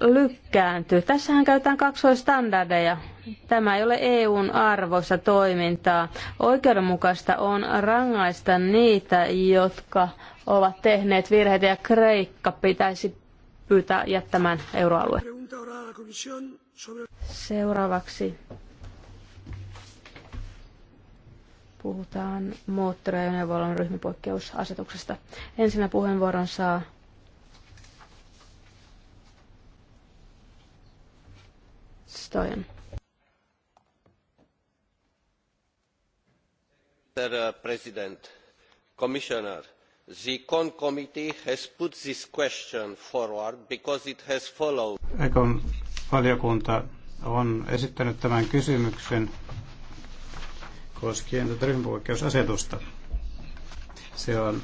lykkääntyy. Tässähän käytetään kaksoistandardeja. Tämä ei ole EUn arvoista toimintaa. Oikeudenmukaista on rangaista niitä, jotka ovat tehneet virheitä ja Kreikka pitäisi pyytää jättämään euroalue. Seuraavaksi puhutaan ja ryhmäpoikkeusasetuksesta. Ensinnä puheenvuoron saa Stojan. Mr. Äh, President, Commissioner, the Econ Committee has put this question forward because it has followed. Econ valiokunta on esittänyt tämän kysymyksen koskien tätä ryhmäpoikkeusasetusta. Se on,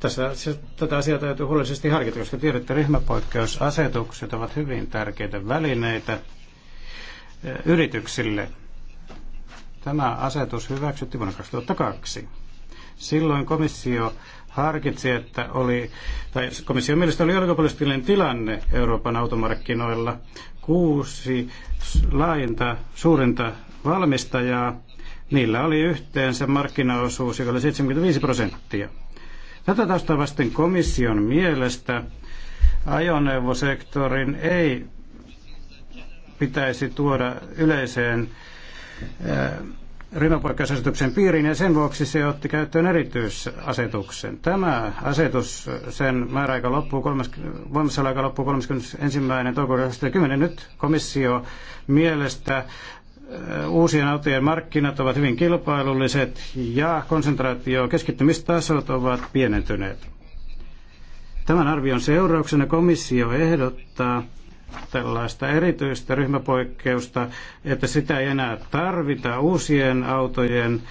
tässä, se, tätä asiaa täytyy huolellisesti harkita, koska tiedätte, että ryhmäpoikkeusasetukset ovat hyvin tärkeitä välineitä Eh, yrityksille. Tämä asetus hyväksytti vuonna 2002. Silloin komissio harkitsi, että oli, tai komission mielestä oli oligopolistinen tilanne Euroopan automarkkinoilla. Kuusi laajinta, suurinta valmistajaa, niillä oli yhteensä markkinaosuus, joka oli 75 prosenttia. Tätä taustaa vasten komission mielestä ajoneuvosektorin ei pitäisi tuoda yleiseen eh, ryhmäpoikkeusasetuksen piiriin ja sen vuoksi se otti käyttöön erityisasetuksen. Tämä asetus, sen määräaika loppuu, voimassaoloaika loppuu 31. toukokuuta 2010. Nyt komissio mielestä eh, uusien autojen markkinat ovat hyvin kilpailulliset ja konsentraatio- ja keskittymistasot ovat pienentyneet. Tämän arvion seurauksena komissio ehdottaa tällaista erityistä ryhmäpoikkeusta, että sitä ei enää tarvita uusien autojen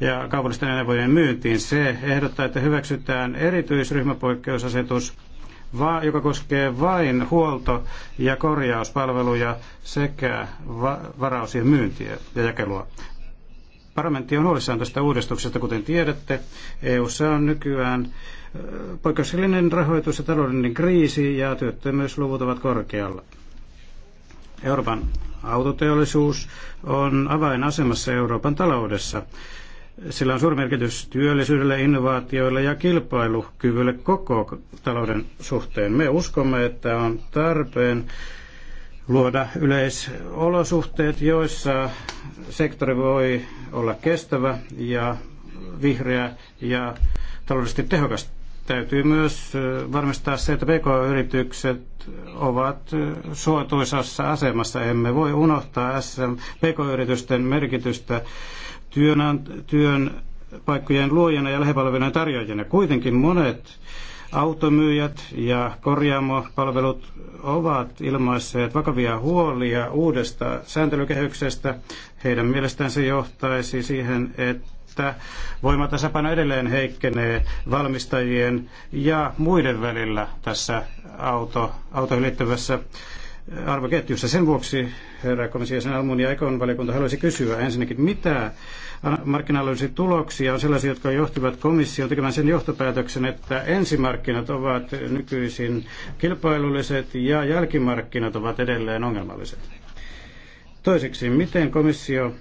ja kaupallisten ajoneuvojen myyntiin. Se ehdottaa, että hyväksytään erityisryhmäpoikkeusasetus, joka koskee vain huolto- ja korjauspalveluja sekä va- varausien myyntiä ja jakelua. Parlamentti on huolissaan tästä uudistuksesta, kuten tiedätte. EU:ssa on nykyään poikkeuksellinen rahoitus ja taloudellinen kriisi ja työttömyysluvut ovat korkealla. Euroopan autoteollisuus on avainasemassa Euroopan taloudessa. Sillä on suuri merkitys työllisyydelle, innovaatioille ja kilpailukyvylle koko talouden suhteen. Me uskomme, että on tarpeen luoda yleisolosuhteet, joissa sektori voi olla kestävä ja vihreä ja taloudellisesti tehokas Täytyy myös varmistaa se, että PK-yritykset ovat suotuisassa asemassa. Emme voi unohtaa SM, PK-yritysten merkitystä työn, työn paikkojen luojana ja lähipalvelujen tarjoajina. Kuitenkin monet automyyjät ja korjaamopalvelut ovat ilmaisseet vakavia huolia uudesta sääntelykehyksestä. Heidän mielestään se johtaisi siihen, että että voimatasapaino edelleen heikkenee valmistajien ja muiden välillä tässä auto, autoihin liittyvässä äh, arvoketjussa. Sen vuoksi, herra Almun ja Ekon valiokunta haluaisi kysyä ensinnäkin, mitä markkinaalaisia tuloksia on sellaisia, jotka johtivat komission tekemään sen johtopäätöksen, että ensimarkkinat ovat nykyisin kilpailulliset ja jälkimarkkinat ovat edelleen ongelmalliset. Toiseksi, miten komissio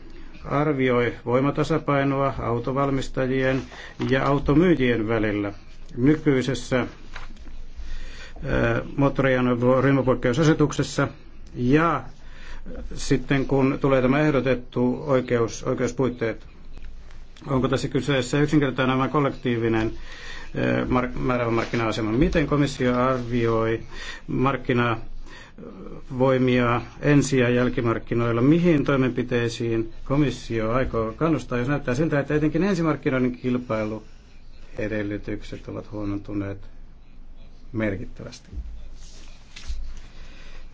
arvioi voimatasapainoa autovalmistajien ja automyyjien välillä nykyisessä moottorien ryhmäpoikkeusasetuksessa ja sitten kun tulee tämä ehdotettu oikeus, oikeuspuitteet. Onko tässä kyseessä yksinkertainen vai kollektiivinen määrävä markkina-asema? Miten komissio arvioi markkinaa voimia ensi- ja jälkimarkkinoilla. Mihin toimenpiteisiin komissio aikoo kannustaa, jos näyttää siltä, että etenkin ensimarkkinoiden kilpailuedellytykset ovat huonontuneet merkittävästi?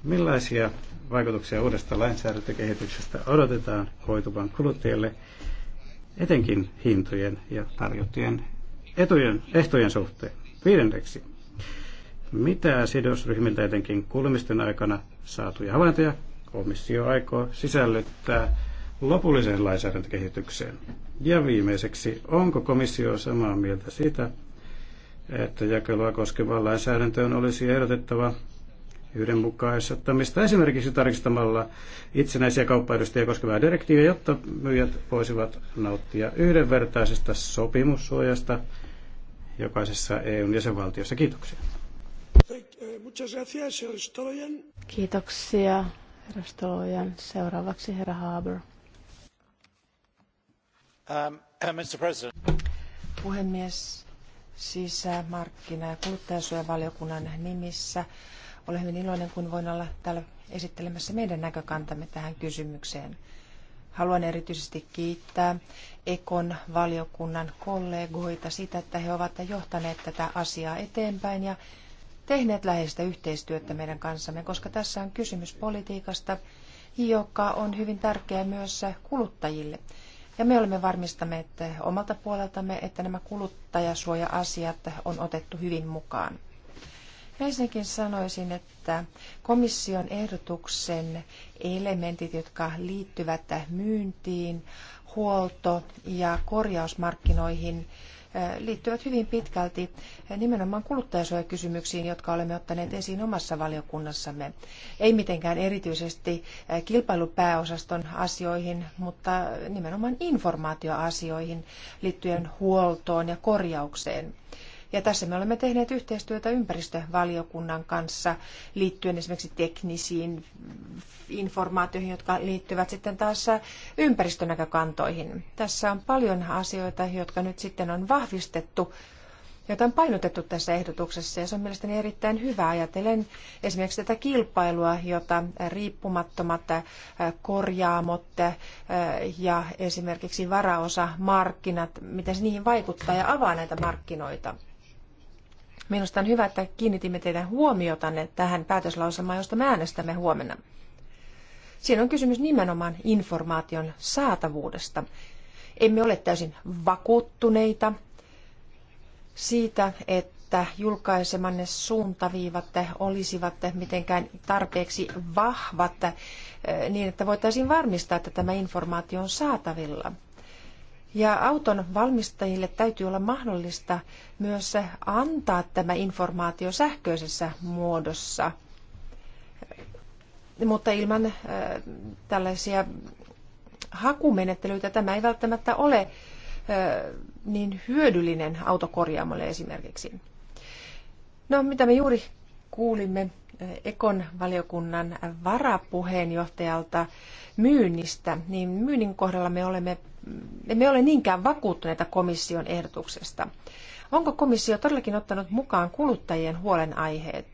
Millaisia vaikutuksia uudesta lainsäädäntökehityksestä odotetaan koituvan kuluttajille, etenkin hintojen ja tarjottujen etujen, ehtojen suhteen? Viidenneksi, mitä sidosryhmiltä etenkin kuulemisten aikana saatuja havaintoja komissio aikoo sisällyttää lopulliseen lainsäädäntökehitykseen? Ja viimeiseksi, onko komissio samaa mieltä siitä, että jakelua koskevaan lainsäädäntöön olisi ehdotettava yhdenmukaisottamista esimerkiksi tarkistamalla itsenäisiä kauppaedustajia koskevaa direktiiviä, jotta myyjät voisivat nauttia yhdenvertaisesta sopimussuojasta jokaisessa EUn jäsenvaltiossa. Kiitoksia. Kiitoksia, herra Stolojan. Seuraavaksi herra Haber. Um, uh, Mr. President. Puhemies, sisämarkkina- ja kuluttajansuojavaliokunnan nimissä olen hyvin iloinen, kun voin olla täällä esittelemässä meidän näkökantamme tähän kysymykseen. Haluan erityisesti kiittää Ekon valiokunnan kollegoita siitä, että he ovat johtaneet tätä asiaa eteenpäin ja tehneet läheistä yhteistyötä meidän kanssamme, koska tässä on kysymys politiikasta, joka on hyvin tärkeä myös kuluttajille. Ja me olemme varmistaneet omalta puoleltamme, että nämä kuluttajasuoja-asiat on otettu hyvin mukaan. Ensinnäkin sanoisin, että komission ehdotuksen elementit, jotka liittyvät myyntiin, huolto- ja korjausmarkkinoihin, liittyvät hyvin pitkälti nimenomaan kuluttajasuojakysymyksiin, jotka olemme ottaneet esiin omassa valiokunnassamme. Ei mitenkään erityisesti kilpailupääosaston asioihin, mutta nimenomaan informaatioasioihin liittyen huoltoon ja korjaukseen. Ja tässä me olemme tehneet yhteistyötä ympäristövaliokunnan kanssa liittyen esimerkiksi teknisiin informaatioihin, jotka liittyvät sitten taas ympäristönäkökantoihin. Tässä on paljon asioita, jotka nyt sitten on vahvistettu jota on painotettu tässä ehdotuksessa ja se on mielestäni erittäin hyvä. Ajatellen esimerkiksi tätä kilpailua, jota riippumattomat äh, korjaamot äh, ja esimerkiksi varaosamarkkinat, miten se niihin vaikuttaa ja avaa näitä markkinoita. Minusta on hyvä, että kiinnitimme teidän huomiotanne tähän päätöslauselmaan, josta me äänestämme huomenna. Siinä on kysymys nimenomaan informaation saatavuudesta. Emme ole täysin vakuuttuneita siitä, että julkaisemanne suuntaviivat olisivat mitenkään tarpeeksi vahvat eh, niin, että voitaisiin varmistaa, että tämä informaatio on saatavilla. Ja auton valmistajille täytyy olla mahdollista myös antaa tämä informaatio sähköisessä muodossa, mutta ilman äh, tällaisia hakumenettelyitä tämä ei välttämättä ole äh, niin hyödyllinen autokorjaamolle esimerkiksi. No, mitä me juuri kuulimme äh, Ekon valiokunnan varapuheenjohtajalta myynnistä, niin myynnin kohdalla me olemme emme ole niinkään vakuuttuneita komission ehdotuksesta. Onko komissio todellakin ottanut mukaan kuluttajien huolenaiheet?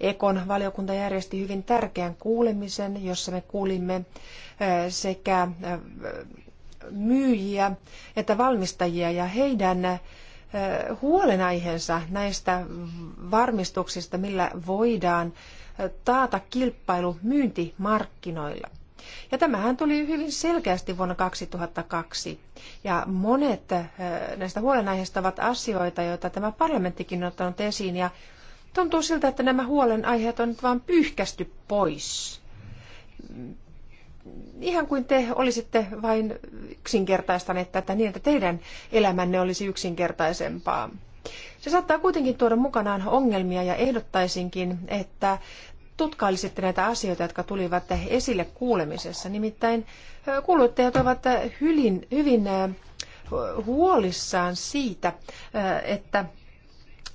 Ekon valiokunta järjesti hyvin tärkeän kuulemisen, jossa me kuulimme sekä myyjiä että valmistajia ja heidän huolenaiheensa näistä varmistuksista, millä voidaan taata kilpailu myyntimarkkinoilla. Ja tämähän tuli hyvin selkeästi vuonna 2002. Ja monet eh, näistä huolenaiheista ovat asioita, joita tämä parlamenttikin on ottanut esiin. Ja tuntuu siltä, että nämä huolenaiheet on nyt vain pyyhkästy pois. Ihan kuin te olisitte vain yksinkertaistaneet tätä niin, että teidän elämänne olisi yksinkertaisempaa. Se saattaa kuitenkin tuoda mukanaan ongelmia ja ehdottaisinkin, että tutkailisitte näitä asioita, jotka tulivat esille kuulemisessa. Nimittäin kuluttajat ovat hyvin, hyvin huolissaan siitä, että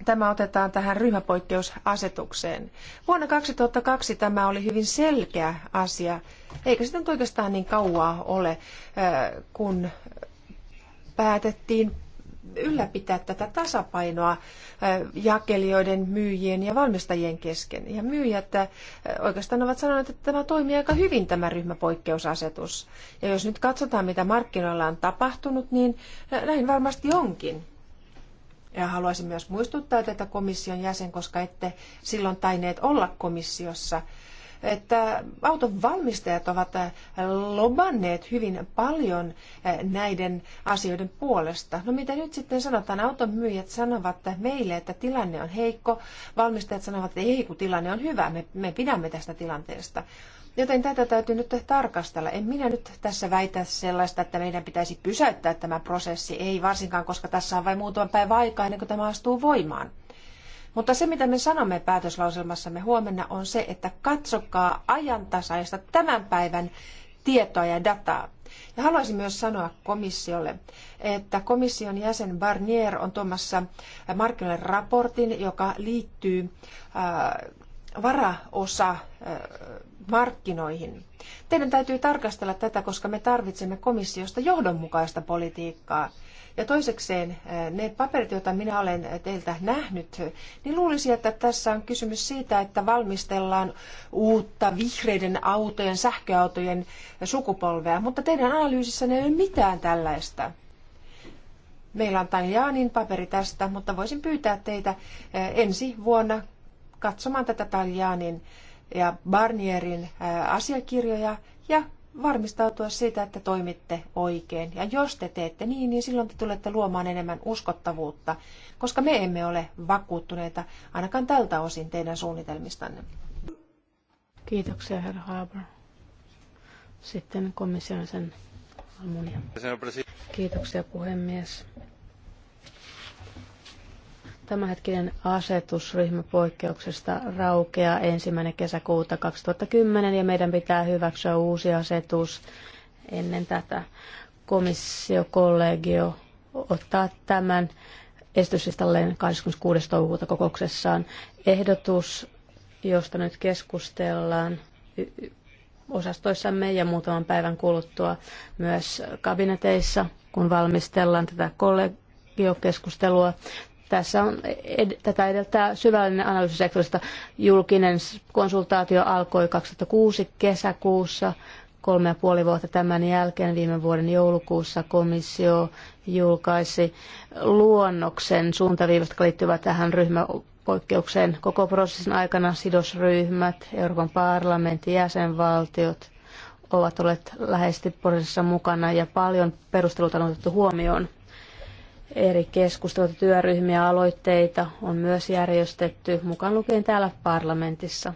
tämä otetaan tähän ryhmäpoikkeusasetukseen. Vuonna 2002 tämä oli hyvin selkeä asia, eikä sitä nyt oikeastaan niin kauaa ole, kun päätettiin ylläpitää tätä tasapainoa jakelijoiden, myyjien ja valmistajien kesken. Ja myyjät oikeastaan ovat sanoneet, että tämä toimii aika hyvin tämä ryhmäpoikkeusasetus. Ja jos nyt katsotaan, mitä markkinoilla on tapahtunut, niin näin varmasti onkin. Ja haluaisin myös muistuttaa tätä komission jäsen, koska ette silloin taineet olla komissiossa, että auton valmistajat ovat lobanneet hyvin paljon eh, näiden asioiden puolesta. No mitä nyt sitten sanotaan? Auton myyjät sanovat meille, että tilanne on heikko. Valmistajat sanovat, että ei kun tilanne on hyvä, me, me pidämme tästä tilanteesta. Joten tätä täytyy nyt tarkastella. En minä nyt tässä väitä sellaista, että meidän pitäisi pysäyttää tämä prosessi. Ei varsinkaan, koska tässä on vain muutama päivä aikaa ennen kuin tämä astuu voimaan. Mutta se, mitä me sanomme päätöslauselmassamme huomenna, on se, että katsokaa ajantasaista tämän päivän tietoa ja dataa. Ja haluaisin myös sanoa komissiolle, että komission jäsen Barnier on tuomassa markkinoille raportin, joka liittyy äh, varaosa äh, markkinoihin. Teidän täytyy tarkastella tätä, koska me tarvitsemme komissiosta johdonmukaista politiikkaa. Ja toisekseen eh, ne paperit, joita minä olen teiltä nähnyt, niin luulisin, että tässä on kysymys siitä, että valmistellaan uutta vihreiden autojen, sähköautojen sukupolvea, mutta teidän analyysissä ei ole mitään tällaista. Meillä on Tanjaanin paperi tästä, mutta voisin pyytää teitä eh, ensi vuonna katsomaan tätä Tanjaanin ja Barnierin eh, asiakirjoja ja varmistautua siitä, että toimitte oikein. Ja jos te teette niin, niin silloin te tulette luomaan enemmän uskottavuutta, koska me emme ole vakuuttuneita ainakaan tältä osin teidän suunnitelmistanne. Kiitoksia, herra Haber. Sitten komission sen Kiitoksia, puhemies. Tämänhetkinen asetus ryhmäpoikkeuksesta raukeaa ensimmäinen kesäkuuta 2010 ja meidän pitää hyväksyä uusi asetus ennen tätä. Komissiokollegio ottaa tämän esityslistalleen 26. toukokuuta kokouksessaan. Ehdotus, josta nyt keskustellaan osastoissamme ja muutaman päivän kuluttua myös kabineteissa, kun valmistellaan tätä kollegiokeskustelua. Tässä on, ed, tätä edeltää syvällinen analyysi sektorista. Julkinen konsultaatio alkoi 2006 kesäkuussa. Kolme ja puoli vuotta tämän jälkeen viime vuoden joulukuussa komissio julkaisi luonnoksen suuntaviivasta, jotka liittyvät tähän ryhmäpoikkeukseen koko prosessin aikana sidosryhmät, Euroopan parlamentin jäsenvaltiot ovat olleet läheisesti prosessissa mukana ja paljon perustelut on otettu huomioon. Eri keskusteluita, työryhmiä, aloitteita on myös järjestetty, mukaan lukien täällä parlamentissa.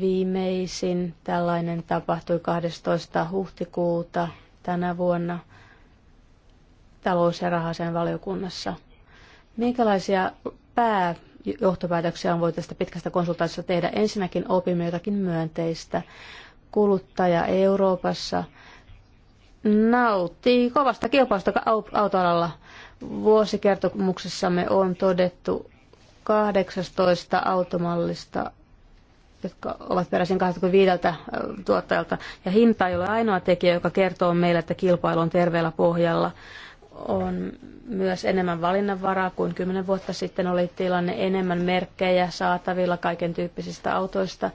Viimeisin tällainen tapahtui 12. huhtikuuta tänä vuonna talous- ja rahasen valiokunnassa. Minkälaisia pääjohtopäätöksiä on voitu tästä pitkästä konsultaatiosta tehdä? Ensinnäkin opimme jotakin myönteistä. Kuluttaja Euroopassa – nauttii kovasta kilpailusta autoalalla. Vuosikertomuksessamme on todettu 18 automallista, jotka ovat peräisin 25 tuottajalta. Ja hinta ei ole ainoa tekijä, joka kertoo meille, että kilpailu on terveellä pohjalla. On myös enemmän valinnanvaraa kuin kymmenen vuotta sitten oli tilanne, enemmän merkkejä saatavilla kaiken tyyppisistä autoista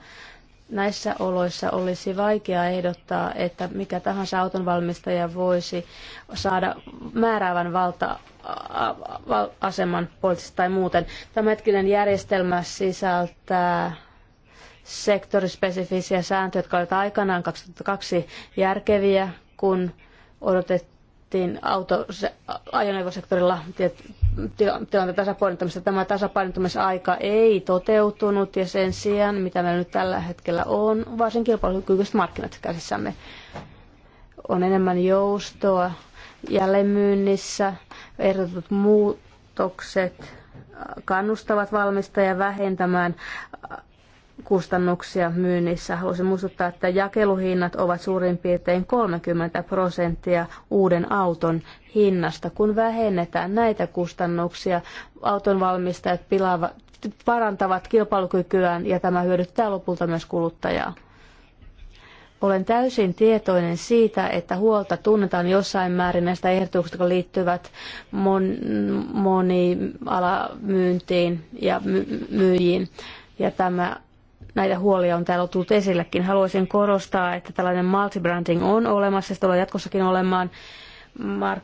näissä oloissa olisi vaikea ehdottaa, että mikä tahansa autonvalmistaja voisi saada määräävän valta-aseman poliittisesti tai muuten. hetkinen järjestelmä sisältää sektorispesifisiä sääntöjä, jotka olivat aikanaan 2002 järkeviä, kun odotettiin tehtiin auto, ajoneuvosektorilla tilanteen tasapainottamista. Tämä tasapainottamisaika ei toteutunut ja sen sijaan, mitä meillä nyt tällä hetkellä on, varsin kilpailukykyiset markkinat käsissämme. On enemmän joustoa jälleenmyynnissä, ehdotetut muutokset kannustavat valmistajia vähentämään kustannuksia myynnissä. Haluaisin muistuttaa, että jakeluhinnat ovat suurin piirtein 30 prosenttia uuden auton hinnasta. Kun vähennetään näitä kustannuksia, autonvalmistajat pilaavat, parantavat kilpailukykyään ja tämä hyödyttää lopulta myös kuluttajaa. Olen täysin tietoinen siitä, että huolta tunnetaan jossain määrin näistä ehdotuksista, jotka liittyvät mon- myyntiin ja my- myyjiin. Ja tämä näitä huolia on täällä tullut esillekin. Haluaisin korostaa, että tällainen multibranding on olemassa ja se tulee jatkossakin olemaan mark-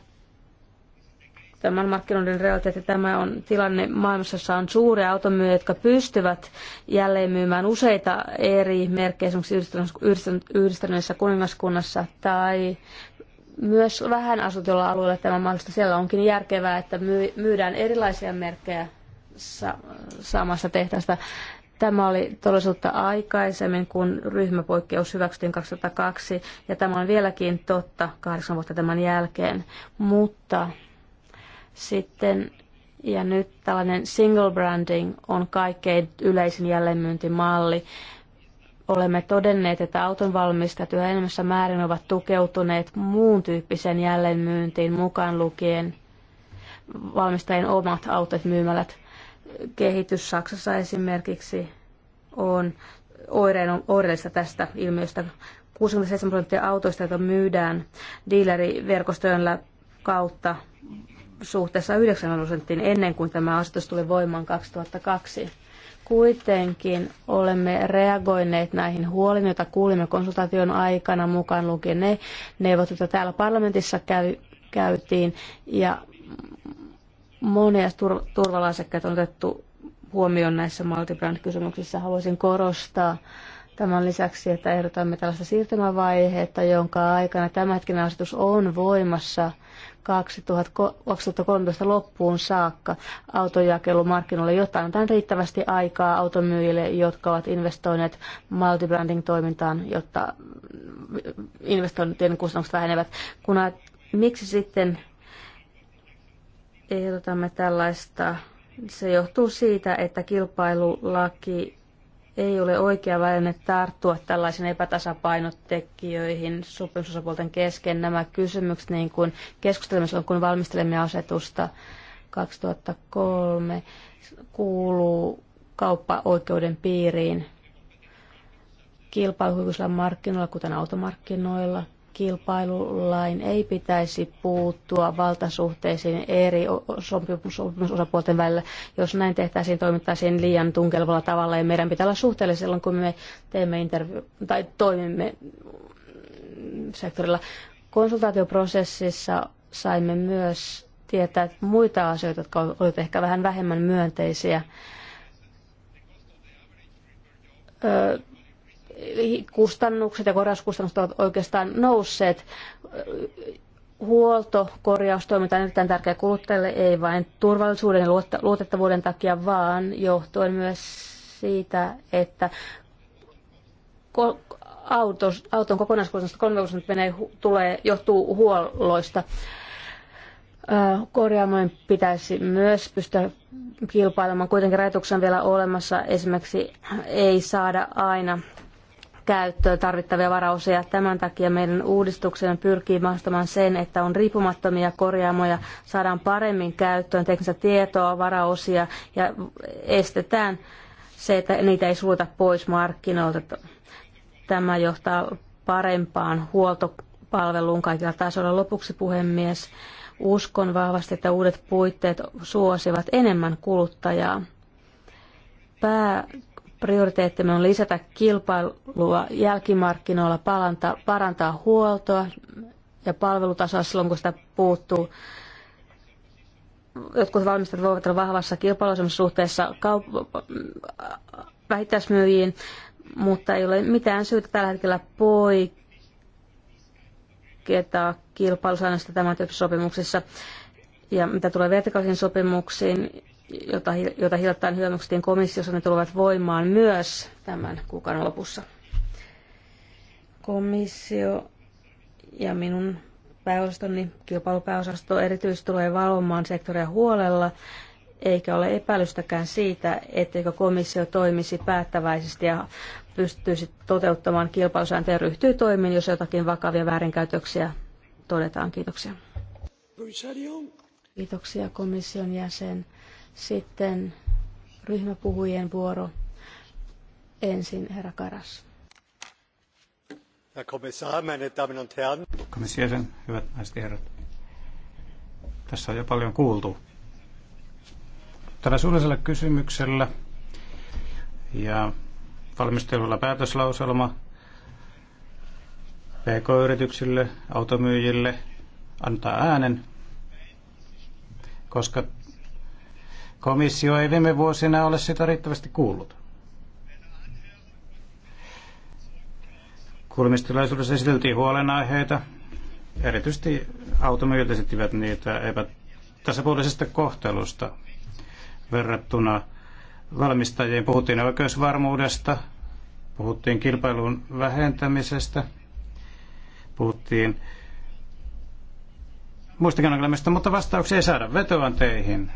tämän markkinoiden realiteetti. Tämä on tilanne maailmassa, jossa on suuria automyyjiä, jotka pystyvät jälleen myymään useita eri merkkejä, esimerkiksi yhdistyneessä kuningaskunnassa tai myös vähän asutulla alueella tämä mahdollista. Siellä onkin järkevää, että myydään erilaisia merkkejä samassa tehtaasta Tämä oli todellisuutta aikaisemmin, kun ryhmäpoikkeus hyväksyttiin 2002, ja tämä on vieläkin totta kahdeksan vuotta tämän jälkeen. Mutta sitten ja nyt tällainen single branding on kaikkein yleisin jälleenmyyntimalli. Olemme todenneet, että auton valmistajat yhä enemmässä määrin ovat tukeutuneet muun tyyppiseen jälleenmyyntiin mukaan lukien valmistajien omat autot myymälät kehitys Saksassa esimerkiksi on oireellista tästä ilmiöstä. 67 prosenttia autoista, joita myydään dealeriverkostojen kautta suhteessa 9 prosenttiin ennen kuin tämä asetus tuli voimaan 2002. Kuitenkin olemme reagoineet näihin huoliin, joita kuulimme konsultaation aikana mukaan lukien ne neuvot, joita täällä parlamentissa käy, käytiin. Ja Monia turvalaisekkeet on otettu huomioon näissä multibrand-kysymyksissä. Haluaisin korostaa tämän lisäksi, että ehdotamme tällaista siirtymävaihetta, jonka aikana tämä tämänhetkinen asetus on voimassa 2013 loppuun saakka autojakelumarkkinoille, jotta annetaan riittävästi aikaa automyyjille, jotka ovat investoineet multibranding-toimintaan, jotta investointien kustannukset vähenevät. Kun miksi sitten ehdotamme tällaista. Se johtuu siitä, että kilpailulaki ei ole oikea väline tarttua tällaisiin epätasapainotekijöihin sopimusosapuolten kesken. Nämä kysymykset, niin kuin keskustelemme silloin, kun valmistelemme asetusta 2003, kuuluu kauppaoikeuden piiriin kilpailukykyisillä markkinoilla, kuten automarkkinoilla – kilpailulain ei pitäisi puuttua valtasuhteisiin eri sopimusosapuolten välillä. Jos näin tehtäisiin, toimittaisiin liian tunkelvalla tavalla ja meidän pitää olla suhteellisia silloin, kun me teemme interview, tai toimimme sektorilla. Konsultaatioprosessissa saimme myös tietää muita asioita, jotka olivat ehkä vähän vähemmän myönteisiä. Öö, kustannukset ja korjauskustannukset ovat oikeastaan nousseet. Huolto, korjaustoiminta on erittäin tärkeä kuluttajille, ei vain turvallisuuden ja luotettavuuden takia, vaan johtuen myös siitä, että autos, auton kokonaiskustannusta 30 menee, tulee, johtuu huolloista. Korjaamojen pitäisi myös pystyä kilpailemaan. Kuitenkin rajoituksia on vielä olemassa. Esimerkiksi ei saada aina käyttöön tarvittavia varausia. Tämän takia meidän uudistuksemme pyrkii mahdollistamaan sen, että on riippumattomia korjaamoja, saadaan paremmin käyttöön teknistä tietoa, varaosia ja estetään se, että niitä ei suuta pois markkinoilta. Tämä johtaa parempaan huoltopalveluun kaikilla tasoilla. Lopuksi puhemies, uskon vahvasti, että uudet puitteet suosivat enemmän kuluttajaa. Pää Prioriteettimme on lisätä kilpailua jälkimarkkinoilla, parantaa, huoltoa ja palvelutasoa silloin, kun sitä puuttuu. Jotkut valmistajat voivat olla vahvassa kilpailuasemassa suhteessa kaup- vähittäismyyjiin, mutta ei ole mitään syytä tällä hetkellä poiketa kilpailusäännöstä tämän tyyppisessä sopimuksessa. Ja mitä tulee vertikaalisiin sopimuksiin, jota, jota hiljattain hyväksyttiin komissiossa, ne tulevat voimaan myös tämän kuukauden lopussa. Komissio ja minun pääosastoni, kilpailupääosasto erityisesti tulee valvomaan sektoria huolella, eikä ole epäilystäkään siitä, etteikö komissio toimisi päättäväisesti ja pystyisi toteuttamaan kilpailusääntöjä ryhtyy toimiin, jos jotakin vakavia väärinkäytöksiä todetaan. Kiitoksia. Kiitoksia komission jäsen. Sitten ryhmäpuhujien vuoro. Ensin herra Karas. Herr Kommissar, meine Damen und Herren. Komission hyvät naiset ja herrat. Tässä on jo paljon kuultu. Tällä suullisella kysymyksellä ja valmistelulla päätöslauselma PK-yrityksille, automyyjille antaa äänen, koska Komissio ei viime vuosina ole sitä riittävästi kuullut. Kuulemistilaisuudessa esiteltiin huolenaiheita. Erityisesti automyyjät esittivät niitä epätasapuolisesta kohtelusta verrattuna valmistajien. Puhuttiin oikeusvarmuudesta, puhuttiin kilpailun vähentämisestä, puhuttiin muistakin ongelmista, mutta vastauksia ei saada vetoan teihin.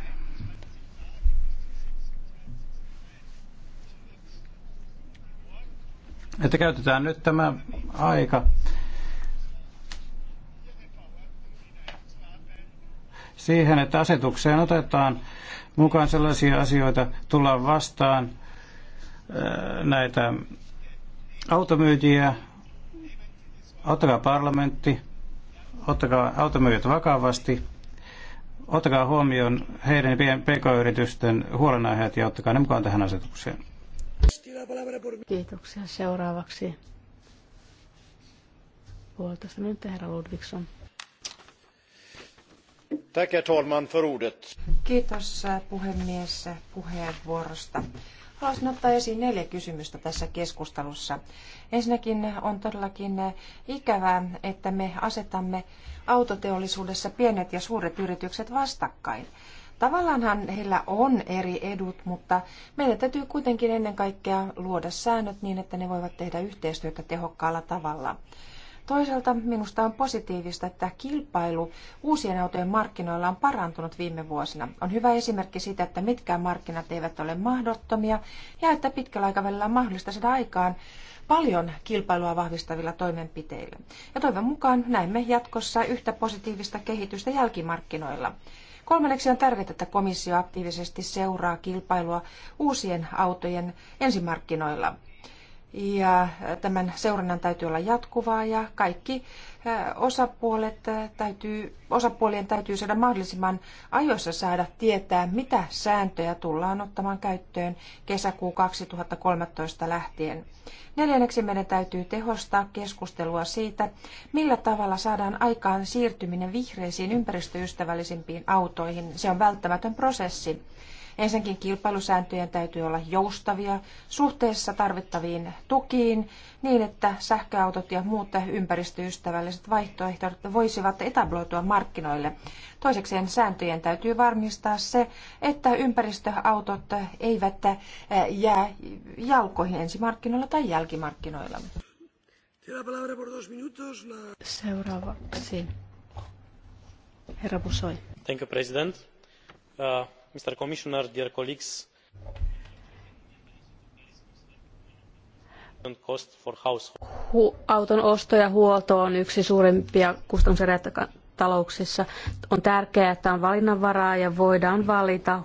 että käytetään nyt tämä aika siihen, että asetukseen otetaan mukaan sellaisia asioita, tullaan vastaan äh, näitä automyyjiä, ottakaa parlamentti, ottakaa automyyjät vakavasti, ottakaa huomioon heidän pk-yritysten huolenaiheet ja ottakaa ne mukaan tähän asetukseen. Kiitoksia. Seuraavaksi puolitoista minuuttia herra Ludvigsson. Tack herr talman för ordet. Kiitos äh, puhemies äh, puheenvuorosta. Haluaisin ottaa esiin neljä kysymystä tässä keskustelussa. Ensinnäkin on todellakin äh, ikävää, että me asetamme autoteollisuudessa pienet ja suuret yritykset vastakkain. Tavallaanhan heillä on eri edut, mutta meidän täytyy kuitenkin ennen kaikkea luoda säännöt niin, että ne voivat tehdä yhteistyötä tehokkaalla tavalla. Toisaalta minusta on positiivista, että kilpailu uusien autojen markkinoilla on parantunut viime vuosina. On hyvä esimerkki siitä, että mitkään markkinat eivät ole mahdottomia ja että pitkällä aikavälillä on mahdollista saada aikaan paljon kilpailua vahvistavilla toimenpiteillä. Ja toivon mukaan näemme jatkossa yhtä positiivista kehitystä jälkimarkkinoilla. Kolmanneksi on tärkeää, että komissio aktiivisesti seuraa kilpailua uusien autojen ensimarkkinoilla – ja äh, tämän seurannan täytyy olla jatkuvaa ja kaikki äh, osapuolet äh, täytyy, osapuolien täytyy saada mahdollisimman ajoissa saada tietää, mitä sääntöjä tullaan ottamaan käyttöön kesäkuu 2013 lähtien. Neljänneksi meidän täytyy tehostaa keskustelua siitä, millä tavalla saadaan aikaan siirtyminen vihreisiin ympäristöystävällisimpiin autoihin. Se on välttämätön prosessi. Ensinnäkin kilpailusääntöjen täytyy olla joustavia suhteessa tarvittaviin tukiin niin, että sähköautot ja muut ympäristöystävälliset vaihtoehdot voisivat etabloitua markkinoille. Toisekseen sääntöjen täytyy varmistaa se, että ympäristöautot eivät eh, jää jalkoihin ensimarkkinoilla tai jälkimarkkinoilla. Seuraavaksi herra Busoi. Thank you, President. Uh auton osto ja huolto on yksi suurimpia kustannuseriä talouksissa. On tärkeää, että on valinnanvaraa ja voidaan valita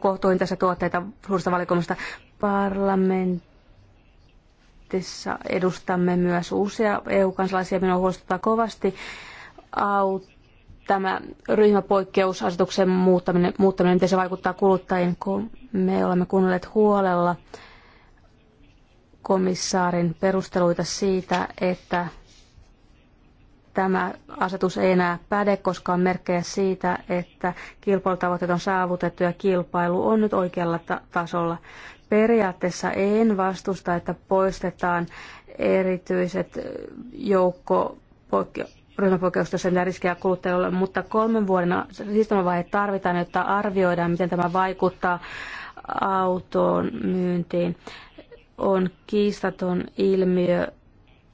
kohtuuhintaisia tuotteita suurista valikoimasta. Parlamentissa edustamme myös uusia EU-kansalaisia. Minua huolestuttaa kovasti auto tämä ryhmäpoikkeusasetuksen muuttaminen, muuttaminen, miten se vaikuttaa kuluttajiin, kun me olemme kuunnelleet huolella komissaarin perusteluita siitä, että tämä asetus ei enää päde, koska on merkkejä siitä, että kilpailutavoitteet on saavutettu ja kilpailu on nyt oikealla ta- tasolla. Periaatteessa en vastusta, että poistetaan erityiset joukko ryhmäpoikkeusta sen riskejä kuluttajalle, mutta kolmen vuoden siirtymävaihe tarvitaan, jotta arvioidaan, miten tämä vaikuttaa auton myyntiin. On kiistaton ilmiö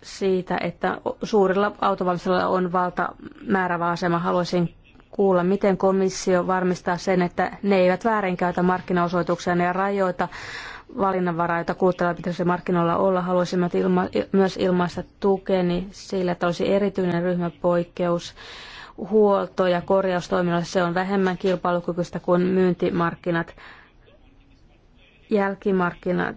siitä, että suurilla autovalmistajilla on valta määrävä asema. Haluaisin kuulla, miten komissio varmistaa sen, että ne eivät väärinkäytä markkinaosoituksia ja rajoita valinnanvaraa, jota kuluttajalla pitäisi markkinoilla olla. Haluaisimme ilma, myös ilmaista tukeni sillä, että olisi erityinen ryhmäpoikkeus huolto- ja korjaustoiminnalle. Se on vähemmän kilpailukykyistä kuin myyntimarkkinat. Jälkimarkkinat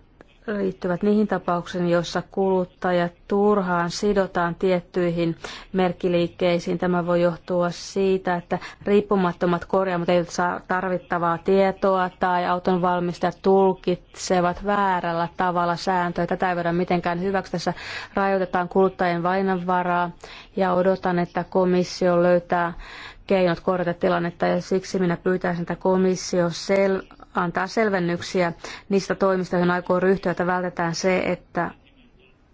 liittyvät niihin tapauksiin, joissa kuluttajat turhaan sidotaan tiettyihin merkkiliikkeisiin. Tämä voi johtua siitä, että riippumattomat korjaamot eivät saa tarvittavaa tietoa tai auton valmistajat tulkitsevat väärällä tavalla sääntöjä. Tätä ei voida mitenkään hyväksi. Tässä rajoitetaan kuluttajien vainanvaraa ja odotan, että komissio löytää keinot korjata tilannetta ja siksi minä pyytäisin, että komissio sel- antaa selvennyksiä niistä toimista, joihin aikoo ryhtyä, että vältetään se, että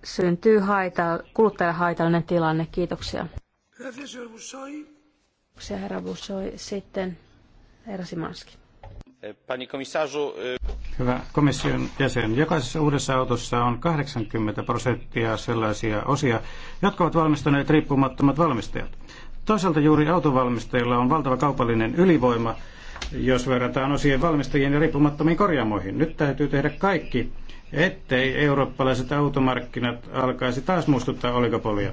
syntyy haita- kuluttajalle haitallinen tilanne. Kiitoksia. Kiitoksia, herra Bussoi. Sitten herra Simanski. Pani komissaru... Hyvä komission jäsen. Jokaisessa uudessa autossa on 80 prosenttia sellaisia osia, jotka ovat valmistaneet riippumattomat valmistajat. Toisaalta juuri autovalmistajilla on valtava kaupallinen ylivoima, jos verrataan osien valmistajien ja riippumattomiin korjaamoihin. Nyt täytyy tehdä kaikki, ettei eurooppalaiset automarkkinat alkaisi taas muistuttaa oligopolia.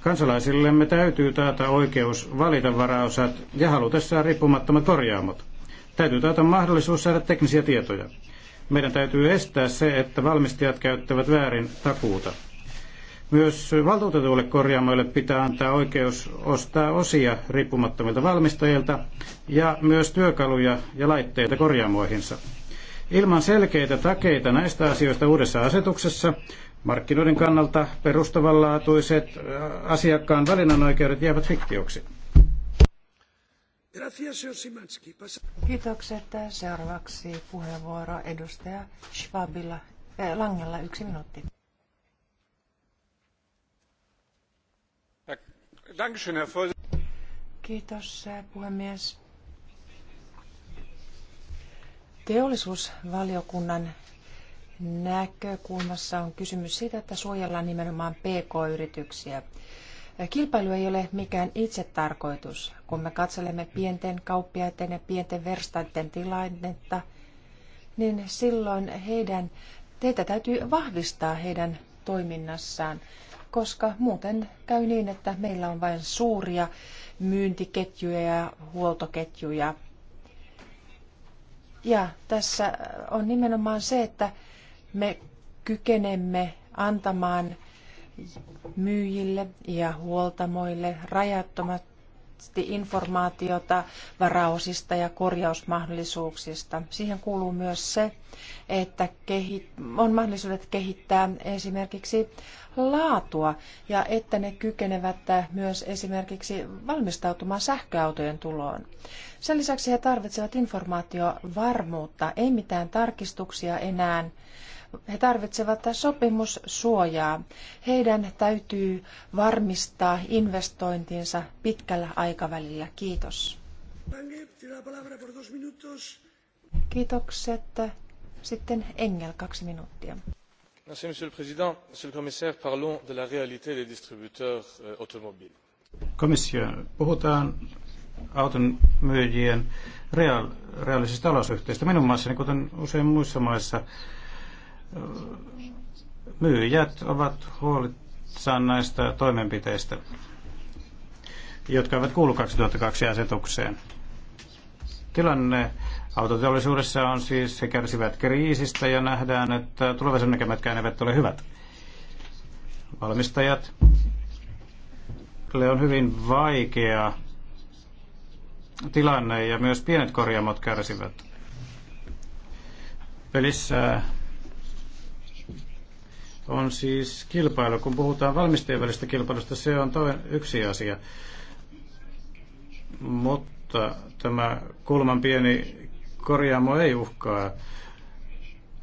Kansalaisillemme täytyy taata oikeus valita varaosat ja halutessaan riippumattomat korjaamot. Täytyy taata mahdollisuus saada teknisiä tietoja. Meidän täytyy estää se, että valmistajat käyttävät väärin takuuta. Myös valtuutetuille korjaamoille pitää antaa oikeus ostaa osia riippumattomilta valmistajilta ja myös työkaluja ja laitteita korjaamoihinsa. Ilman selkeitä takeita näistä asioista uudessa asetuksessa markkinoiden kannalta perustavanlaatuiset asiakkaan valinnanoikeudet jäävät fiktioksi. Kiitokset. Seuraavaksi puheenvuoro edustaja Schwabilla, eh, Langella yksi minuutti. Kiitos eh, puhemies. Teollisuusvaliokunnan näkökulmassa on kysymys siitä, että suojellaan nimenomaan PK-yrityksiä. Kilpailu ei ole mikään itsetarkoitus. Kun me katselemme pienten kauppiaiden ja pienten verstaiden tilannetta, niin silloin heidän, teitä täytyy vahvistaa heidän toiminnassaan koska muuten käy niin, että meillä on vain suuria myyntiketjuja ja huoltoketjuja. Ja tässä on nimenomaan se, että me kykenemme antamaan myyjille ja huoltamoille rajattomat informaatiota varaosista ja korjausmahdollisuuksista. Siihen kuuluu myös se, että on mahdollisuudet kehittää esimerkiksi laatua ja että ne kykenevät myös esimerkiksi valmistautumaan sähköautojen tuloon. Sen lisäksi he tarvitsevat informaatiovarmuutta, ei mitään tarkistuksia enää he tarvitsevat sopimussuojaa. Heidän täytyy varmistaa investointinsa pitkällä aikavälillä. Kiitos. Kiitokset. Sitten Engel, kaksi minuuttia. Merci, monsieur le président. Monsieur le commissaire, parlons de la réalité des distributeurs euh, automobiles. Komissio, puhutaan auton myyjien reaal, reaalisista olosuhteista. Minun maassani, kuten usein muissa maissa, myyjät ovat huolissaan näistä toimenpiteistä, jotka eivät kuulu 2002 asetukseen. Tilanne autoteollisuudessa on siis, he kärsivät kriisistä ja nähdään, että tulevaisuuden näkemätkään eivät ole hyvät. Valmistajat on hyvin vaikea tilanne ja myös pienet korjaamot kärsivät. Pelissä on siis kilpailu. Kun puhutaan valmistajien välistä kilpailusta, se on toinen yksi asia. Mutta tämä kulman pieni korjaamo ei uhkaa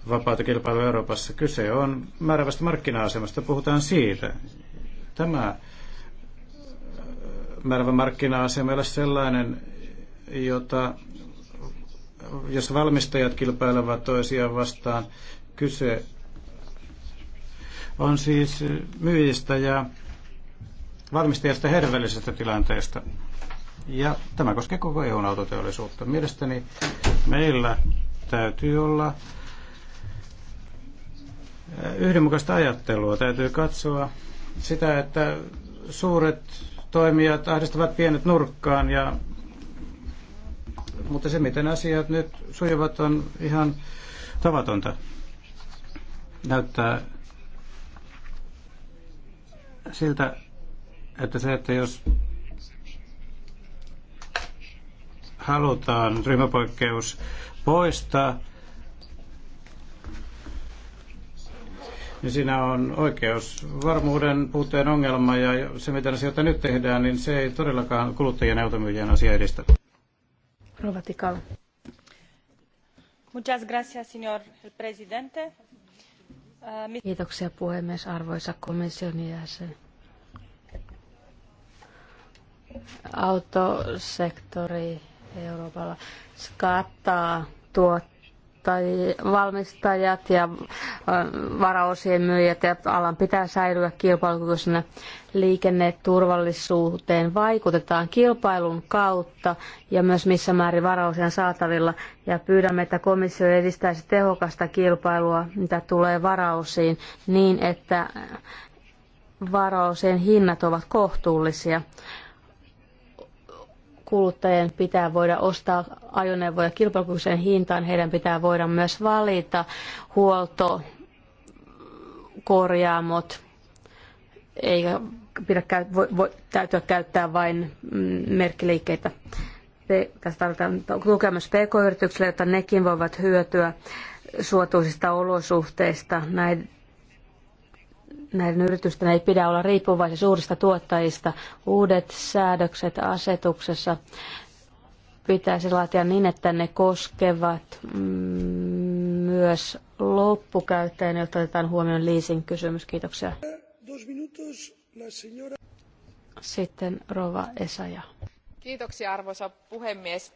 vapaata kilpailua Euroopassa. Kyse on määrävästä markkina-asemasta. Puhutaan siitä. Tämä äh, määrävä markkina-asema ei ole sellainen, jota, jos valmistajat kilpailevat toisiaan vastaan, kyse on siis myyjistä ja valmistajasta herveellisestä tilanteesta. Ja tämä koskee koko EUn autoteollisuutta. Mielestäni meillä täytyy olla eh, yhdenmukaista ajattelua. Täytyy katsoa sitä, että suuret toimijat ahdistavat pienet nurkkaan, ja, mutta se miten asiat nyt sujuvat on ihan tavatonta. Näyttää siltä, että se, että jos halutaan ryhmäpoikkeus poistaa, niin siinä on oikeus varmuuden puutteen ongelma ja se, mitä asioita nyt tehdään, niin se ei todellakaan kuluttajien ja automyyjien asia edistä. Muchas gracias, señor presidente. Kiitoksia puhemies, arvoisa komission jäsen. Autosektori Euroopalla kattaa tuot valmistajat ja varaosien myyjät ja alan pitää säilyä kilpailukykyisenä. Liikenneturvallisuuteen vaikutetaan kilpailun kautta ja myös missä määrin varaosien saatavilla ja pyydämme, että komissio edistäisi tehokasta kilpailua, mitä tulee varaosiin, niin että varaosien hinnat ovat kohtuullisia kuluttajien pitää voida ostaa ajoneuvoja kilpailukykyiseen hintaan, heidän pitää voida myös valita huolto, korjaamot, eikä pidä käy, voi, voi, täytyä käyttää vain mm, merkkiliikkeitä. Tässä tarvitaan tukea myös pk-yrityksille, jotta nekin voivat hyötyä suotuisista olosuhteista. Näin näiden yritysten ei pidä olla riippuvaisia suurista tuottajista. Uudet säädökset asetuksessa pitäisi laatia niin, että ne koskevat mm, myös loppukäyttäjän, jotta otetaan huomioon leasing-kysymys. Kiitoksia. Sitten Rova Esaja. Kiitoksia arvoisa puhemies.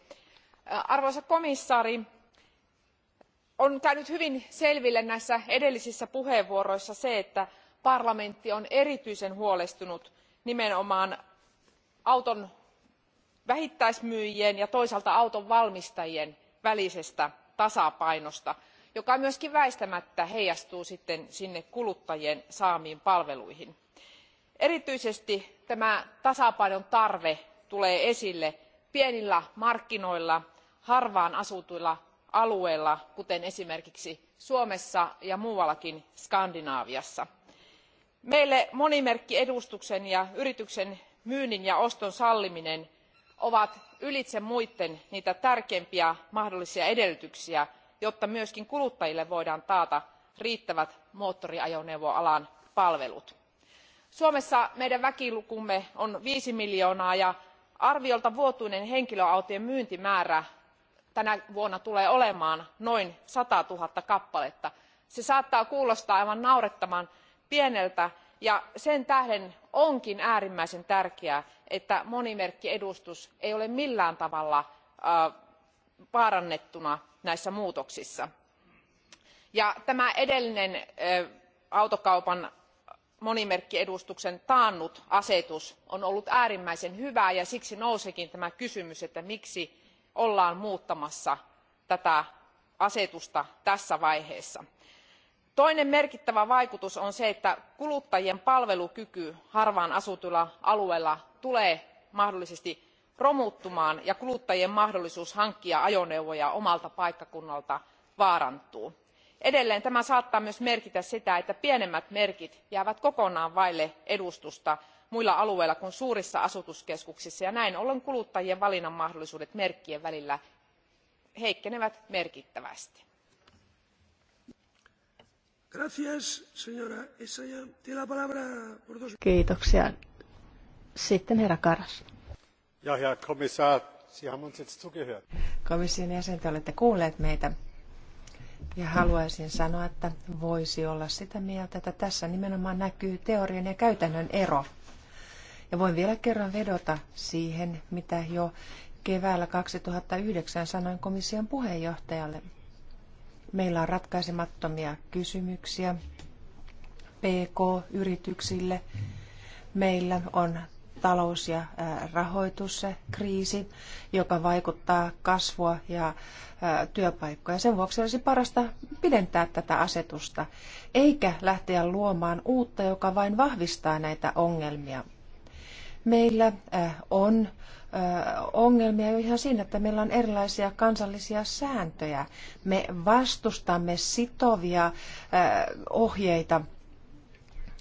Arvoisa komissaari, on käynyt hyvin selville näissä edellisissä puheenvuoroissa se, että parlamentti on erityisen huolestunut nimenomaan auton vähittäismyyjien ja toisaalta autonvalmistajien välisestä tasapainosta joka myös väistämättä heijastuu sitten sinne kuluttajien saamiin palveluihin. erityisesti tämä tasapainon tarve tulee esille pienillä markkinoilla harvaan asutuilla alueilla kuten esimerkiksi suomessa ja muuallakin skandinaviassa meille monimerkkiedustuksen ja yrityksen myynnin ja oston salliminen ovat ylitse muiden niitä tärkeimpiä mahdollisia edellytyksiä jotta myös kuluttajille voidaan taata riittävät moottoriajoneuvoalan palvelut. suomessa meidän väkilukumme on viisi miljoonaa ja arviolta vuotuinen henkilöautojen myyntimäärä tänä vuonna tulee olemaan noin sata nolla kappaletta. se saattaa kuulostaa aivan naurettavan pieneltä ja sen tähden onkin äärimmäisen tärkeää että monimerkkiedustus ei ole millään tavalla vaarannettuna näissä muutoksissa. tämä edellinen autokaupan monimerkkiedustuksen taannut asetus on ollut äärimmäisen hyvä ja siksi nouseekin tämä kysymys että miksi ollaan muuttamassa tätä asetusta tässä vaiheessa toinen merkittävä vaikutus on se että kuluttajien palvelukyky harvaan asutuilla alueilla tulee mahdollisesti romuttumaan ja kuluttajien mahdollisuus hankkia ajoneuvoja omalta paikkakunnalta vaarantuu. edelleen tämä saattaa myös merkitä sitä että pienemmät merkit jäävät kokonaan vaille edustusta muilla alueilla kuin suurissa asutuskeskuksissa ja näin ollen kuluttajien valinnanmahdollisuudet merkkien välillä heikkenevät merkittävästi. Kiitoksia. Sitten herra Karas. Ja, herr Sie haben uns jetzt zugehört. Komission jäsen, te olette kuulleet meitä. Ja haluaisin sanoa, että voisi olla sitä mieltä, että tässä nimenomaan näkyy teorian ja käytännön ero. Ja voin vielä kerran vedota siihen, mitä jo keväällä 2009 sanoin komission puheenjohtajalle. Meillä on ratkaisemattomia kysymyksiä PK-yrityksille. Meillä on talous- ja rahoituskriisi, joka vaikuttaa kasvua ja työpaikkoja. Sen vuoksi olisi parasta pidentää tätä asetusta, eikä lähteä luomaan uutta, joka vain vahvistaa näitä ongelmia. Meillä on ongelmia jo ihan siinä, että meillä on erilaisia kansallisia sääntöjä. Me vastustamme sitovia ohjeita.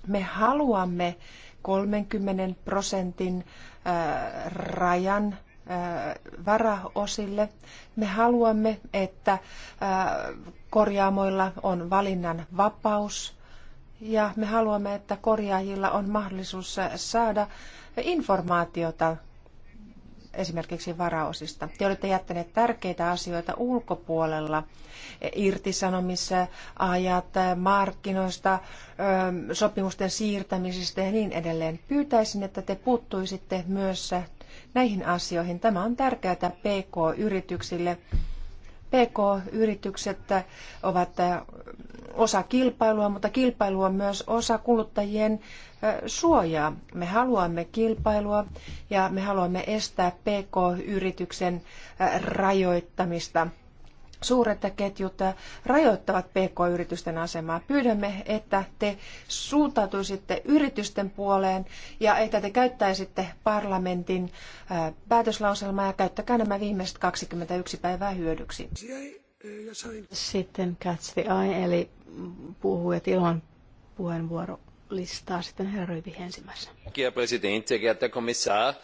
Me haluamme 30 prosentin rajan varaosille. Me haluamme, että korjaamoilla on valinnan vapaus ja me haluamme, että korjaajilla on mahdollisuus saada informaatiota esimerkiksi varaosista. Te olette jättäneet tärkeitä asioita ulkopuolella, irtisanomissa, ajat markkinoista, sopimusten siirtämisistä ja niin edelleen. Pyytäisin, että te puuttuisitte myös näihin asioihin. Tämä on tärkeää PK-yrityksille PK-yritykset ovat äh, osa kilpailua, mutta kilpailu on myös osa kuluttajien äh, suojaa. Me haluamme kilpailua ja me haluamme estää PK-yrityksen äh, rajoittamista – suuret ketjut rajoittavat pk-yritysten asemaa. Pyydämme, että te suuntautuisitte yritysten puoleen ja että te käyttäisitte parlamentin päätöslauselmaa ja käyttäkää nämä viimeiset 21 päivää hyödyksi. Sitten Katsi Ai, eli puhujat ilman puheenvuorolistaa. Sitten herra Ryvi ensimmäisenä. Herr Präsident, sehr geehrter Kommissar,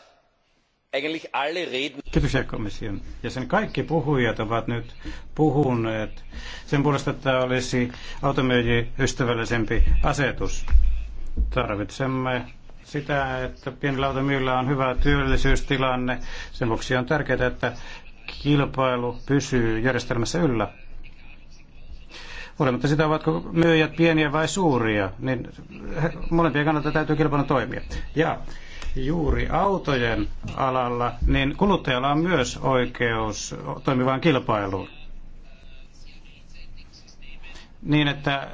Kiitoksia komission. Ja sen kaikki puhujat ovat nyt puhuneet sen puolesta, että tämä olisi automyyjien ystävällisempi asetus. Tarvitsemme sitä, että pienillä automyyjillä on hyvä työllisyystilanne. Sen vuoksi on tärkeää, että kilpailu pysyy järjestelmässä yllä. Huolimatta sitä, ovatko myyjät pieniä vai suuria, niin molempien kannalta täytyy kilpailun toimia. Ja juuri autojen alalla, niin kuluttajalla on myös oikeus toimivaan kilpailuun. Niin, että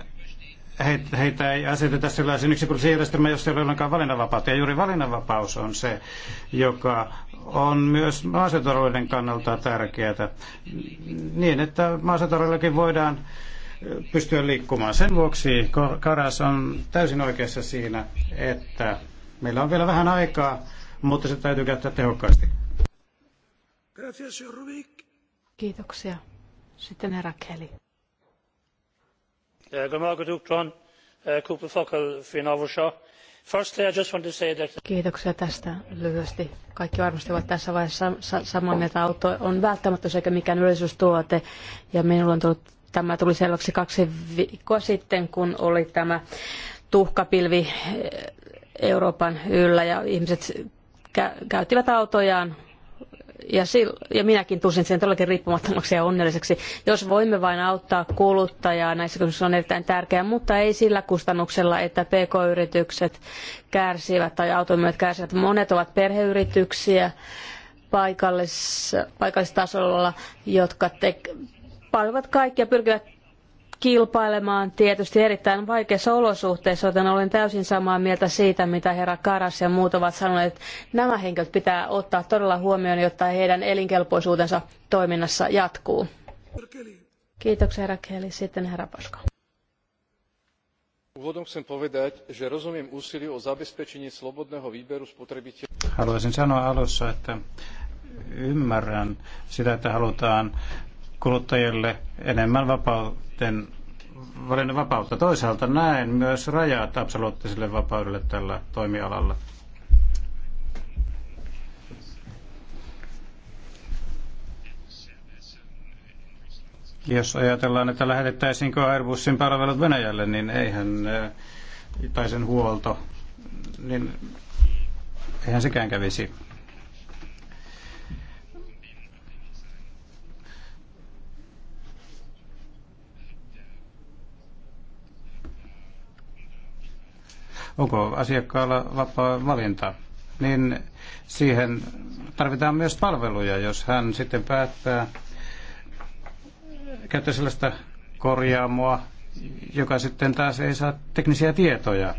heitä ei aseteta sellaisen yksipuolisen järjestelmän, jossa ei ole ollenkaan valinnanvapautta. Ja juuri valinnanvapaus on se, joka on myös maaseutualueiden kannalta tärkeää. Niin, että maaseutualueillakin voidaan pystyä liikkumaan. Sen vuoksi Karas on täysin oikeassa siinä, että Meillä on vielä vähän aikaa, mutta se täytyy käyttää tehokkaasti. Kiitoksia. Sitten herra Kelly. Kiitoksia tästä lyhyesti. Kaikki varmasti ovat tässä vaiheessa samaa mieltä. Auto on välttämättä sekä mikään yleisyystuote. Ja minulla on tullut, tämä tuli selväksi kaksi viikkoa sitten, kun oli tämä tuhkapilvi eh, Euroopan yllä ja ihmiset käyttivät autojaan ja, ja minäkin tunsin sen todellakin riippumattomaksi ja onnelliseksi. Jos voimme vain auttaa kuluttajaa, näissä kysymyksissä on erittäin tärkeää, mutta ei sillä kustannuksella, että pk-yritykset kärsivät tai automyöt kärsivät. Monet ovat perheyrityksiä paikallis, paikallistasolla, jotka te, palvelevat kaikkia, pyrkivät kilpailemaan tietysti erittäin vaikeissa olosuhteissa, joten olen täysin samaa mieltä siitä, mitä herra Karas ja muut ovat sanoneet. Että nämä henkilöt pitää ottaa todella huomioon, jotta heidän elinkelpoisuutensa toiminnassa jatkuu. Kiitoksia herra Kelly. Sitten herra Pasko. chcem povedať, že rozumiem úsiliu o zabezpečenie slobodného výberu Haluaisin sanoa alussa, että ymmärrän sitä, että halutaan kuluttajille enemmän vapauden, valinnan vapautta. Toisaalta näen myös rajat absoluuttiselle vapaudelle tällä toimialalla. Jos ajatellaan, että lähetettäisiinkö Airbusin palvelut Venäjälle, niin eihän, äh, tai sen huolto, niin eihän sekään kävisi. onko asiakkaalla vapaa valinta, niin siihen tarvitaan myös palveluja, jos hän sitten päättää käyttää sellaista korjaamoa, joka sitten taas ei saa teknisiä tietoja,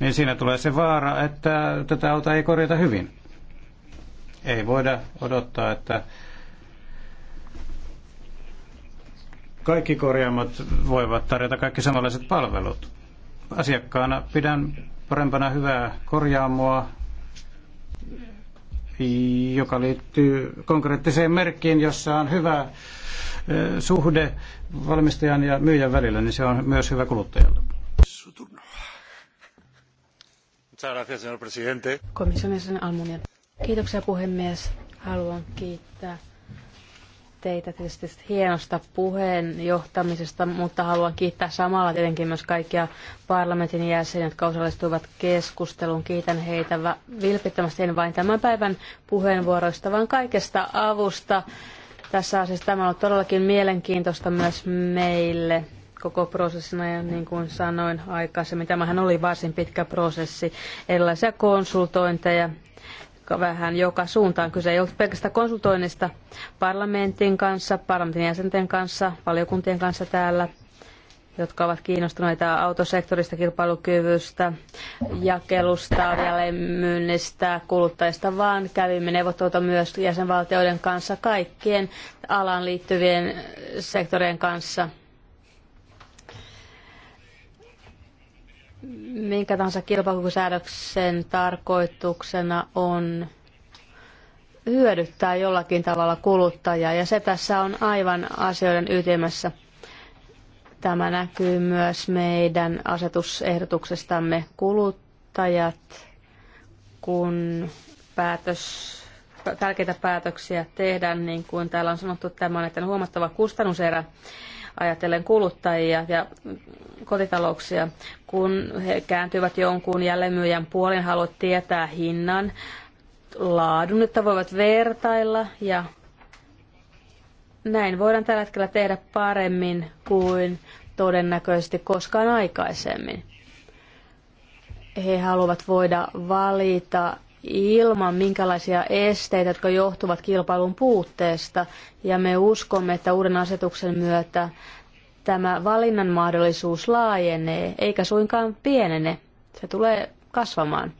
niin siinä tulee se vaara, että tätä auta ei korjata hyvin. Ei voida odottaa, että kaikki korjaamot voivat tarjota kaikki samanlaiset palvelut. Asiakkaana pidän parempana hyvää korjaamoa, joka liittyy konkreettiseen merkkiin, jossa on hyvä suhde valmistajan ja myyjän välillä, niin se on myös hyvä kuluttajalle. Almunia. Kiitoksia puhemies. Haluan kiittää teitä tietysti hienosta puheenjohtamisesta, mutta haluan kiittää samalla tietenkin myös kaikkia parlamentin jäseniä, jotka osallistuivat keskusteluun. Kiitän heitä vilpittömästi en vain tämän päivän puheenvuoroista, vaan kaikesta avusta. Tässä asiassa tämä on ollut todellakin mielenkiintoista myös meille koko prosessina ja niin kuin sanoin aikaisemmin, tämähän oli varsin pitkä prosessi, erilaisia konsultointeja, vähän joka suuntaan. Kyse ei ollut pelkästään konsultoinnista parlamentin kanssa, parlamentin jäsenten kanssa, valiokuntien kanssa täällä, jotka ovat kiinnostuneita autosektorista, kilpailukyvystä, jakelusta, jälleenmyynnistä, kuluttajista, vaan kävimme neuvotteluita myös jäsenvaltioiden kanssa, kaikkien alaan liittyvien sektorien kanssa – minkä tahansa kilpailukykysäädöksen tarkoituksena on hyödyttää jollakin tavalla kuluttajaa, ja se tässä on aivan asioiden ytimessä. Tämä näkyy myös meidän asetusehdotuksestamme kuluttajat, kun päätös, tärkeitä päätöksiä tehdään, niin kuin täällä on sanottu, tämä on huomattava kustannuserä ajatellen kuluttajia ja kotitalouksia. Kun he kääntyvät jonkun jälleenmyyjän puolen, haluat tietää hinnan, laadun, että voivat vertailla ja näin voidaan tällä hetkellä tehdä paremmin kuin todennäköisesti koskaan aikaisemmin. He haluavat voida valita ilman minkälaisia esteitä, jotka johtuvat kilpailun puutteesta. Ja me uskomme, että uuden asetuksen myötä tämä valinnan mahdollisuus laajenee, eikä suinkaan pienene. Se tulee kasvamaan.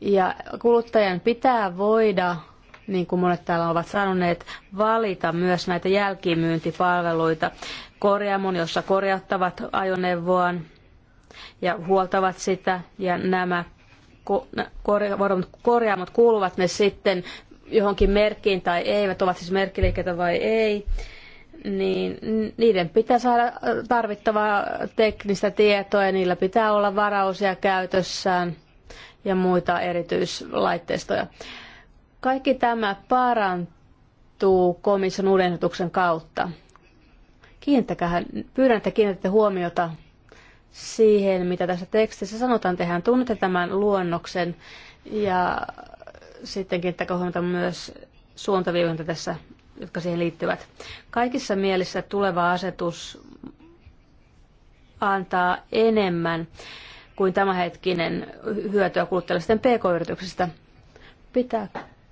Ja kuluttajan pitää voida, niin kuin monet täällä ovat sanoneet, valita myös näitä jälkimyyntipalveluita. Korjaamon, jossa korjattavat ajoneuvoaan ja huoltavat sitä, ja nämä korjaamot kuuluvat ne sitten johonkin merkkiin tai eivät, ovat siis merkkiliikkeitä vai ei, niin niiden pitää saada tarvittavaa teknistä tietoa ja niillä pitää olla varausia käytössään ja muita erityislaitteistoja. Kaikki tämä parantuu komission uuden kautta. Kiinnittäkää, pyydän, että kiinnitätte huomiota siihen, mitä tässä tekstissä sanotaan. tehdään tunnette tämän luonnoksen ja sitten kiinnittäkö huomiota myös suuntaviivointa tässä, jotka siihen liittyvät. Kaikissa mielissä tuleva asetus antaa enemmän kuin tämänhetkinen hyötyä kuluttajalle sitten pk yrityksestä Pitää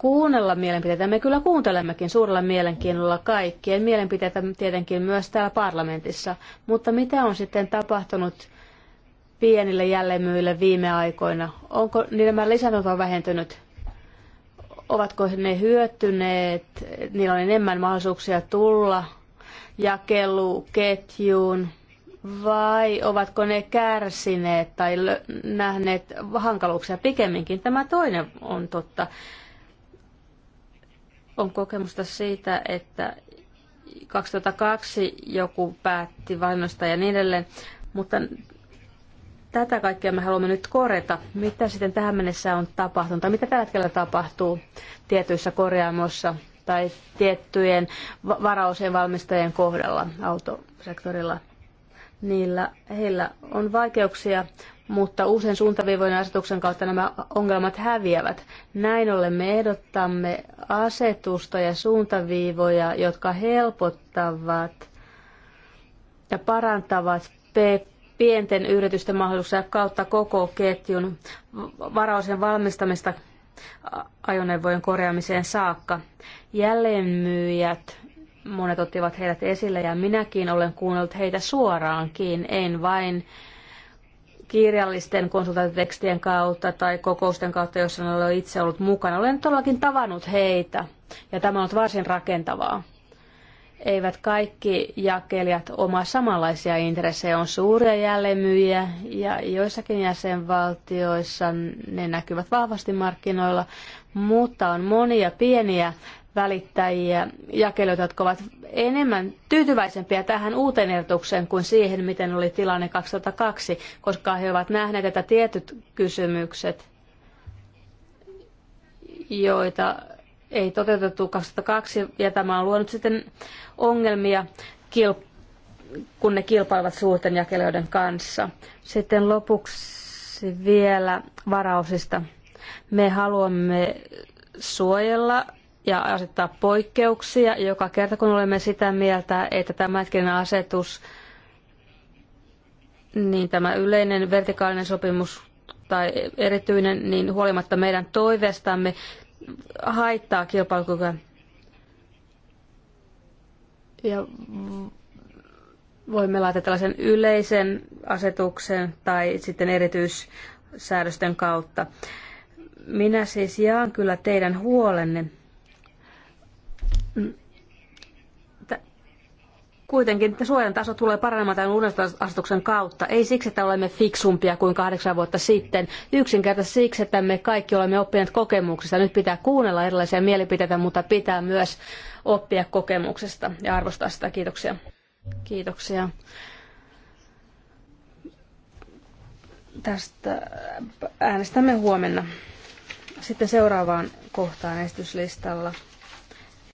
kuunnella mielipiteitä. Me kyllä kuuntelemmekin suurella mielenkiinnolla kaikkien mielipiteitä tietenkin myös täällä parlamentissa. Mutta mitä on sitten tapahtunut pienille jälleenmyyjille viime aikoina? Onko niiden lisääntynyt vai vähentynyt? Ovatko ne hyötyneet? Niillä on enemmän mahdollisuuksia tulla jakeluketjuun vai ovatko ne kärsineet tai nähneet hankaluuksia pikemminkin? Tämä toinen on totta. On kokemusta siitä, että 2002 joku päätti vainosta ja niin edelleen, mutta tätä kaikkea me haluamme nyt korjata. Mitä sitten tähän mennessä on tapahtunut tai mitä tällä hetkellä tapahtuu tietyissä korjaamoissa tai tiettyjen varausien valmistajien kohdalla autosektorilla? Niillä, heillä on vaikeuksia mutta usein suuntaviivojen asetuksen kautta nämä ongelmat häviävät. Näin ollen me ehdottamme asetusta ja suuntaviivoja, jotka helpottavat ja parantavat pienten yritysten mahdollisuuksia kautta koko ketjun varausen valmistamista ajoneuvojen korjaamiseen saakka. Jälleenmyyjät, monet ottivat heidät esille ja minäkin olen kuunnellut heitä suoraankin, en vain kirjallisten konsultaatitekstien kautta tai kokousten kautta, jossa ne olen itse ollut mukana. Olen todellakin tavannut heitä ja tämä on ollut varsin rakentavaa. Eivät kaikki jakelijat omaa samanlaisia intressejä. On suuria jälleenmyyjiä ja joissakin jäsenvaltioissa ne näkyvät vahvasti markkinoilla, mutta on monia pieniä välittäjiä, jakelijoita, jotka ovat enemmän tyytyväisempiä tähän uuteen ehdotukseen kuin siihen, miten oli tilanne 2002, koska he ovat nähneet, että tietyt kysymykset, joita ei toteutettu 2002, ja tämä on luonut sitten ongelmia, kun ne kilpailevat suurten jakelijoiden kanssa. Sitten lopuksi vielä varausista. Me haluamme suojella ja asettaa poikkeuksia joka kerta, kun olemme sitä mieltä, että tämä hetkinen asetus, niin tämä yleinen vertikaalinen sopimus tai erityinen, niin huolimatta meidän toiveestamme haittaa kilpailukykyä. Ja voimme laittaa tällaisen yleisen asetuksen tai sitten erityissäädösten kautta. Minä siis jaan kyllä teidän huolenne Kuitenkin että suojan taso tulee paranemaan tämän uuden kautta. Ei siksi, että olemme fiksumpia kuin kahdeksan vuotta sitten. Yksinkertaisesti siksi, että me kaikki olemme oppineet kokemuksista. Nyt pitää kuunnella erilaisia mielipiteitä, mutta pitää myös oppia kokemuksesta ja arvostaa sitä. Kiitoksia. Kiitoksia. Tästä äänestämme huomenna. Sitten seuraavaan kohtaan esityslistalla.